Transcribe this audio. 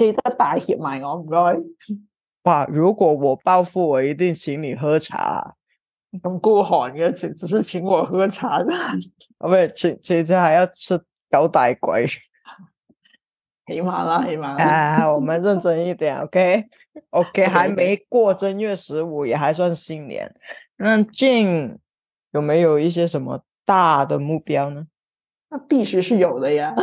記得 哇！如果我暴富，我一定請你喝茶。咁孤寒嘅，只是請我喝茶啫。唔、okay, 係，請，請你還要出九大簋。起碼啦，起碼啦，啊！我們認真一點 ，OK，OK，okay? okay, okay, 還沒過正月十五，也還算新年。那 Jane 有沒有一些什麼大的目標呢？那必須是有的呀。